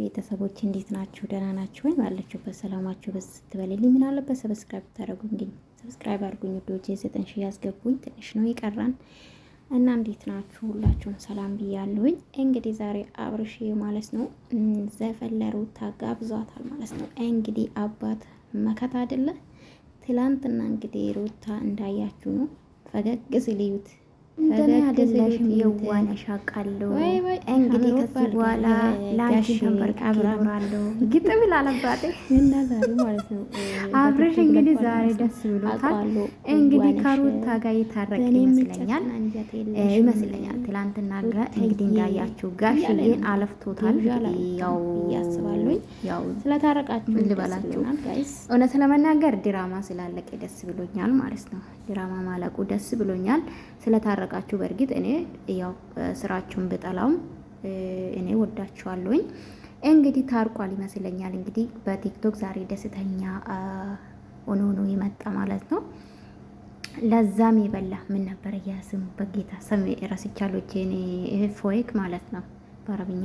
ቤተሰቦች እንዴት ናችሁ? ደህና ናችሁ ወይ? ባላችሁበት ሰላማችሁ በስት ምን አለበት ሰብስክራይብ ታደርጉ እንግዲህ ሰብስክራይብ አድርጉኝ ውዶቼ። ዘጠኝ ሺህ ያስገቡኝ ትንሽ ነው ይቀራን እና እንዴት ናችሁ? ሁላችሁም ሰላም ብያለሁኝ። እንግዲህ ዛሬ አብርሽ ማለት ነው ዘፈን ለሩታ ጋብዟታል ማለት ነው። እንግዲህ አባት መከታ አይደለ? ትላንትና እንግዲህ ሩታ እንዳያችሁ ነው ፈገግ ሲልዩት እንደኔ አይደለሽም፣ የዋነሽ እንግዲህ ከዚህ በኋላ ለአንቺ ግጥም አብረሽ እንግዲህ ዛሬ ደስ ብሎታል። እንግዲህ ከሩታ ጋር የታረቀ ይመስለኛል ይመስለኛል። ትላንትና እንግዲህ እንዳያችሁ ጋሽዬን አለፍቶታል። ያው እያስባሉኝ ያው ስለታረቃችሁ ልበላችሁ። እውነት ለመናገር ድራማ ስላለቀ ደስ ብሎኛል ማለት ነው። ድራማ ማለቁ ደስ ብሎኛል ስለታረቃችሁ። በእርግጥ እኔ ያው ስራችሁን ብጠላውም እኔ ወዳችኋለሁኝ። እንግዲህ ታርቋል ይመስለኛል። እንግዲህ በቲክቶክ ዛሬ ደስተኛ ሆኖ ነው የመጣ ማለት ነው። ለዛም ይበላ ምን ነበር እያስሙበት ጌታ ሰም ረስቻሎች ፎይክ ማለት ነው በአረብኛ